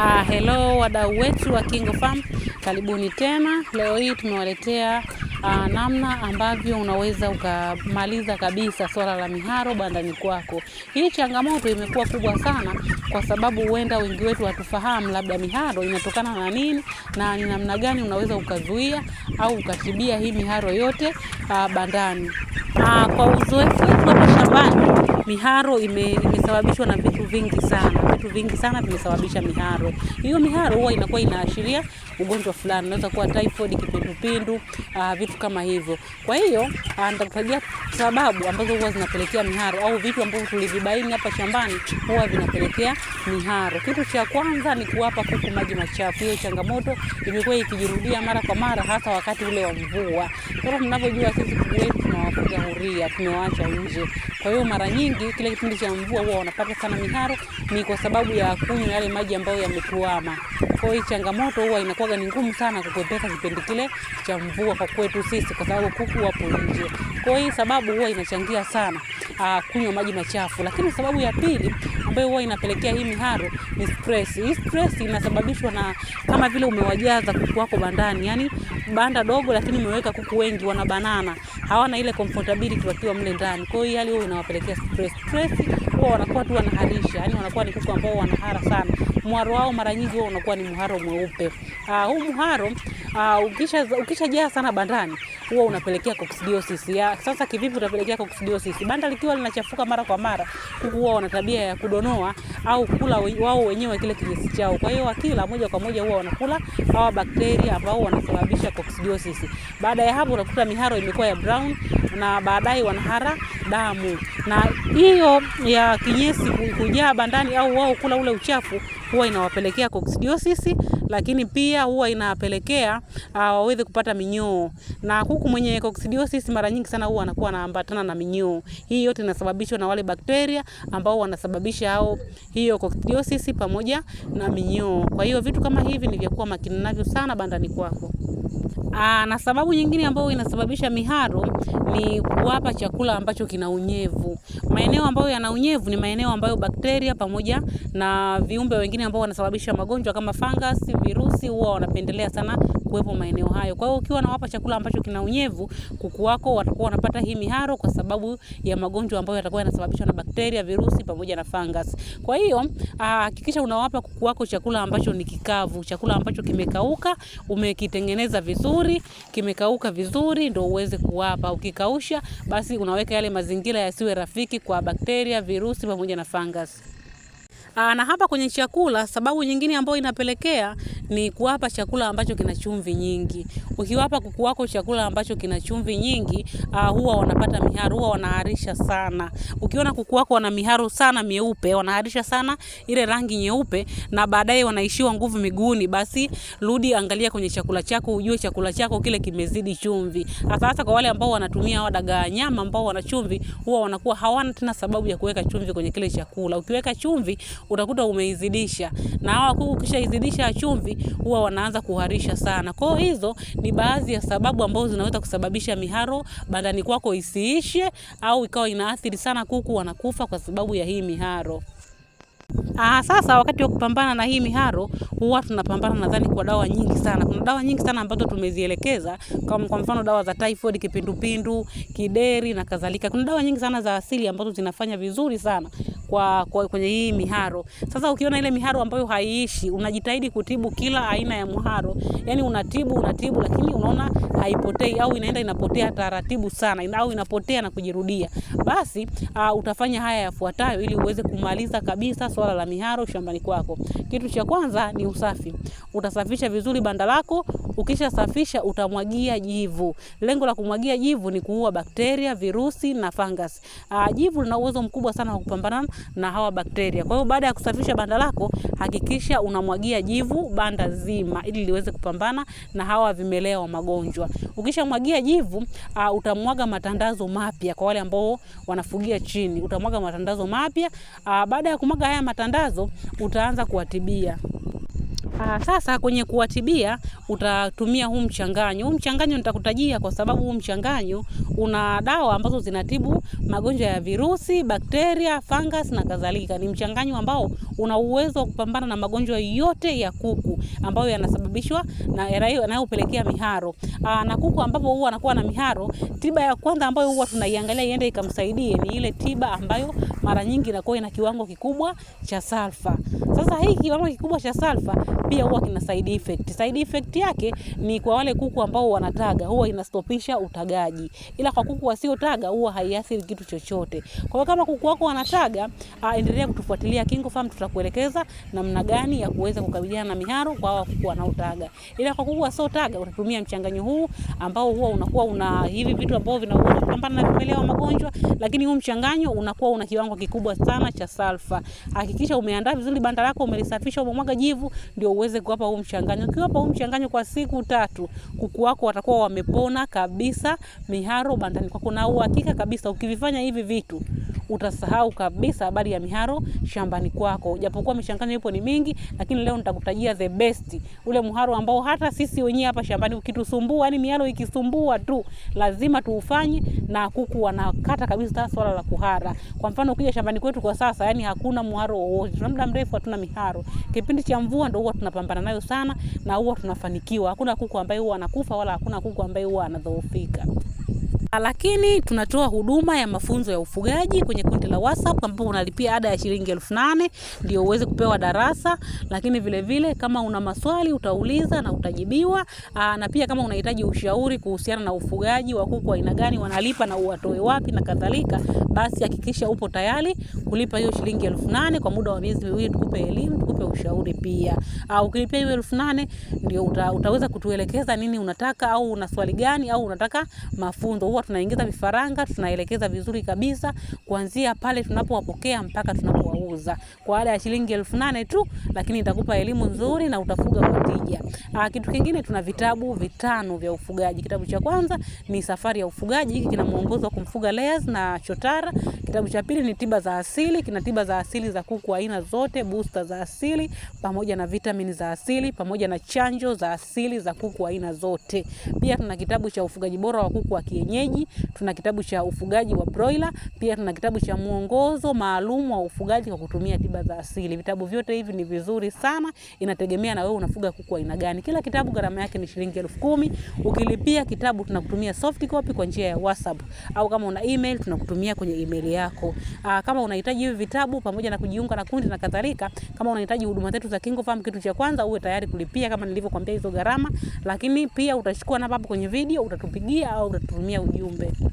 Ah, hello wadau wetu wa Kingo Farm, karibuni tena. Leo hii tumewaletea ah, namna ambavyo unaweza ukamaliza kabisa swala la miharo bandani kwako. Hii changamoto imekuwa kubwa sana, kwa sababu huenda wengi wetu hatufahamu labda miharo inatokana na nini na ni namna gani unaweza ukazuia au ukatibia hii miharo yote ah, bandani. ah, kwa uzoefu wetu hapa shambani miharo ime, imesababishwa na vitu vingi sana. Vitu vingi sana vimesababisha miharo. Hiyo miharo huwa inakuwa inaashiria ugonjwa fulani, unaweza kuwa typhoid, kipindupindu, uh, vitu kama hivyo. Kwa hiyo ah, nitakutajia sababu ambazo huwa zinapelekea miharo au vitu ambavyo tulivibaini hapa shambani huwa vinapelekea miharo. Kitu cha kwanza ni kuwapa kuku maji machafu. Hiyo changamoto imekuwa ikijirudia mara kwa mara, hasa wakati ule wa mvua. Kama mnavyojua sisi kuku wetu wanafuga huria tumewaacha nje. Kwa hiyo mara nyingi kile kipindi cha mvua huwa wanapata sana miharo, ni kwa sababu ya kunywa yale maji ambayo yametuama. Kwa hiyo changamoto huwa inakuwa ni ngumu sana kukwepeka kipindi kile cha mvua kwa kwetu sisi, kwa sababu kuku wapo nje. Kwa hiyo sababu huwa inachangia sana ah, kunywa maji machafu, lakini sababu ya pili ambayo huwa inapelekea hii miharo ni stress. Hii stress inasababishwa na kama vile umewajaza kuku wako bandani, yani banda dogo, lakini umeweka kuku wengi, wana banana, hawana ile comfortability wakiwa mle ndani. Kwa hiyo hali huwa inawapelekea stress. Stress huwa wanakuwa tu wanaharisha, yani wanakuwa ni kuku ambao wanahara sana. Mwaro wao mara nyingi huwa unakuwa ni mharo mweupe. Uh, huu mharo uh, ah, ukisha ukisha jaa sana bandani huwa unapelekea coccidiosis. Ya, sasa kivipi unapelekea coccidiosis? Banda likiwa linachafuka mara kwa mara, kuku huwa wana tabia ya kudonoa au kula wao wenyewe kile kinyesi chao. Kwa hiyo wakila moja kwa moja huwa wanakula hawa bakteria ambao wanasababisha coccidiosis. Baada ya hapo unakuta miharo imekuwa ya brown na baadaye wanahara damu. Na hiyo ya kinyesi kujaa bandani au wao kula ule uchafu huwa inawapelekea coccidiosis, lakini pia huwa inawapelekea uh, ah, waweze kupata minyoo. Na kuku mwenye coccidiosis mara nyingi sana huwa anakuwa anaambatana na minyoo. Hii yote inasababishwa na wale bakteria ambao wanasababisha hao hiyo coccidiosis pamoja na minyoo. Kwa hiyo vitu kama hivi ni vya kuwa makini navyo sana bandani kwako. Aa, ah, na sababu nyingine ambayo inasababisha miharo ni kuwapa chakula ambacho kina unyevu. Maeneo ambayo yana unyevu ni maeneo ambayo bakteria pamoja na viumbe wengine ambao wanasababisha magonjwa kama fungus, virusi huwa wanapendelea sana kuwepo maeneo hayo. Kwa hiyo ukiwa nawapa chakula ambacho kina unyevu, kuku wako watakuwa wanapata hii miharo kwa sababu ya magonjwa ambayo yatakuwa yanasababishwa na bakteria, virusi pamoja na fungus. Kwa hiyo ah, hakikisha unawapa kuku wako chakula ambacho ni kikavu, chakula ambacho kimekauka, umekitengeneza vizuri, kimekauka vizuri ndio uweze kuwapa. Ukikausha basi unaweka yale mazingira yasiwe rafiki kwa bakteria, virusi pamoja na fungus. Aa, ah, na hapa kwenye chakula, sababu nyingine ambayo inapelekea ni kuwapa chakula ambacho kina chumvi nyingi. Ukiwapa kuku wako chakula ambacho kina chumvi nyingi, uh, huwa wanapata miharu, huwa wanaharisha sana. Ukiona kuku wako wana miharu sana mieupe, wanaharisha sana ile rangi nyeupe na baadaye wanaishiwa nguvu miguuni, basi rudi angalia kwenye chakula chako ujue chakula chako kile kimezidi chumvi. Hasa hasa kwa wale ambao wanatumia hawa dagaa nyama ambao wana chumvi, huwa wanakuwa hawana tena sababu ya kuweka chumvi kwenye kile chakula. Ukiweka chumvi utakuta umeizidisha. Na hawa kuku kisha izidisha chumvi huwa wanaanza kuharisha sana. Kwa hizo ni baadhi ya sababu ambazo zinaweza kusababisha miharo bandani kwako isiishe au ikawa inaathiri sana kuku wanakufa kwa sababu ya hii miharo. Ah, sasa wakati wa kupambana na hii miharo huwa tunapambana nadhani kwa dawa nyingi sana. Kuna dawa nyingi sana ambazo tumezielekeza kama kwa mfano dawa za typhoid, kipindupindu, kideri na kadhalika. Kuna dawa nyingi sana za asili ambazo zinafanya vizuri sana kwa, kwa kwenye hii miharo. Sasa ukiona ile miharo ambayo haiishi, unajitahidi kutibu kila aina ya muharo, yani unatibu unatibu, lakini unaona haipotei au inaenda inapotea taratibu sana au inapotea na kujirudia. Basi uh, utafanya haya yafuatayo ili uweze kumaliza kabisa swala la miharo shambani kwako. Kitu cha kwanza ni usafi. Utasafisha vizuri banda lako, ukishasafisha utamwagia jivu. Lengo la kumwagia jivu ni kuua bakteria, virusi na fungus. Uh, jivu lina uwezo mkubwa sana wa kupambana na hawa bakteria. Kwa hiyo baada ya kusafisha banda lako, hakikisha unamwagia jivu banda zima ili liweze kupambana na hawa vimelea wa magonjwa. Ukishamwagia jivu, uh, utamwaga matandazo mapya kwa wale ambao wanafugia chini. Utamwaga matandazo mapya. Uh, baada ya kumwaga haya matandazo, utaanza kuwatibia. Aa, ah, sasa kwenye kuwatibia utatumia huu mchanganyo. Huu mchanganyo nitakutajia kwa sababu huu mchanganyo una dawa ambazo zinatibu magonjwa ya virusi, bakteria, fungus na kadhalika. Ni mchanganyo ambao una uwezo wa kupambana na magonjwa yote ya kuku ambayo yanasababishwa na yanayopelekea miharo. Aa, ah, na kuku ambapo huwa anakuwa na miharo, tiba ya kwanza ambayo huwa tunaiangalia iende ikamsaidie ni ile tiba ambayo mara nyingi inakuwa ina kiwango kikubwa cha salfa. Sasa hii kiwango kikubwa cha sulfa pia huwa kina side effect. Side effect yake ni kwa wale kuku ambao wanataga huwa inastopisha utagaji, ila kwa kuku wasiotaga huwa haiathiri kitu chochote. Kwa hiyo kama kuku wako wanataga, ah, endelea kutufuatilia KingoFarm, tutakuelekeza namna gani ya kuweza kukabiliana na miharo kwa hao kuku wanaotaga. Ila kwa kuku wasiotaga utatumia mchanganyo huu ambao huwa unakuwa una hivi vitu ambavyo vinaweza kupambana na vimelea wa magonjwa, lakini huu mchanganyo unakuwa una kiwango kikubwa sana cha sulfa. Hakikisha umeandaa vizuri banda lako umelisafisha, umemwaga jivu, ndio uweze kuwapa huu mchanganyo. Ukiwapa huu mchanganyo kwa siku tatu, kuku wako watakuwa wamepona kabisa miharo bandani kwako, na uhakika kabisa ukivifanya hivi vitu utasahau kabisa habari ya miharo shambani kwako. Japokuwa mishangani ipo ni mingi, lakini leo nitakutajia the best, ule mharo ambao hata sisi wenyewe hapa shambani ukitusumbua, yani miharo ikisumbua tu lazima tuufanye, na kuku wanakata kabisa swala la kuhara. Kwa mfano ukija shambani kwetu kwa sasa, yani hakuna mharo wowote, tuna muda mrefu hatuna miharo. Kipindi cha mvua ndio huwa tunapambana nayo sana na huwa tunafanikiwa. Hakuna kuku ambaye huwa anakufa wala hakuna kuku ambaye huwa anadhoofika. Ah, lakini tunatoa huduma ya mafunzo ya ufugaji kwenye kundi la WhatsApp ambapo unalipia ada ya shilingi elfu nane ndio uweze kupewa darasa, lakini vile vile kama una maswali utauliza na utajibiwa. Aa, ah, na pia kama unahitaji ushauri kuhusiana na ufugaji wa kuku aina gani wanalipa na uwatoe wapi na kadhalika, basi hakikisha upo tayari kulipa hiyo shilingi elfu nane kwa muda wa miezi miwili, tukupe elimu, tukupe ushauri pia. Aa, ah, ukilipia hiyo elfu nane ndio uta, utaweza kutuelekeza nini unataka au una swali gani au unataka mafunzo huwa tunaingiza vifaranga, tunaelekeza vizuri kabisa kuanzia pale tunapowapokea mpaka tunapowauza kwa ada ya shilingi elfu nane tu, lakini itakupa elimu nzuri na utafuga kwa tija. Ah, kitu kingine tuna vitabu vitano vya ufugaji. Kitabu cha kwanza ni safari ya ufugaji, hiki kina mwongozo wa kumfuga layers na chotara. Kitabu cha pili ni tiba za asili, kina tiba za asili za kuku aina zote, booster za asili pamoja na vitamini za asili pamoja na chanjo za asili za kuku aina zote. Pia tuna kitabu cha ufugaji bora wa kuku wa kienyeji kienyeji, tuna kitabu cha ufugaji wa broiler, pia tuna kitabu cha mwongozo maalum wa ufugaji kwa kutumia tiba za asili. Vitabu vyote hivi ni vizuri sana, inategemea na wewe unafuga kuku aina gani. Kila kitabu gharama yake ni shilingi elfu kumi. Ukilipia kitabu tunakutumia soft copy kwa njia ya WhatsApp au kama una email tunakutumia kwenye email yako. Aa, ah, kama unahitaji hivi vitabu pamoja na kujiunga na kundi na kadhalika, kama unahitaji huduma zetu za KingoFarm, kitu cha kwanza uwe tayari kulipia kama nilivyokuambia hizo gharama, lakini pia utachukua namba hapo kwenye video, utatupigia au utatumia utatutumia ujumbe.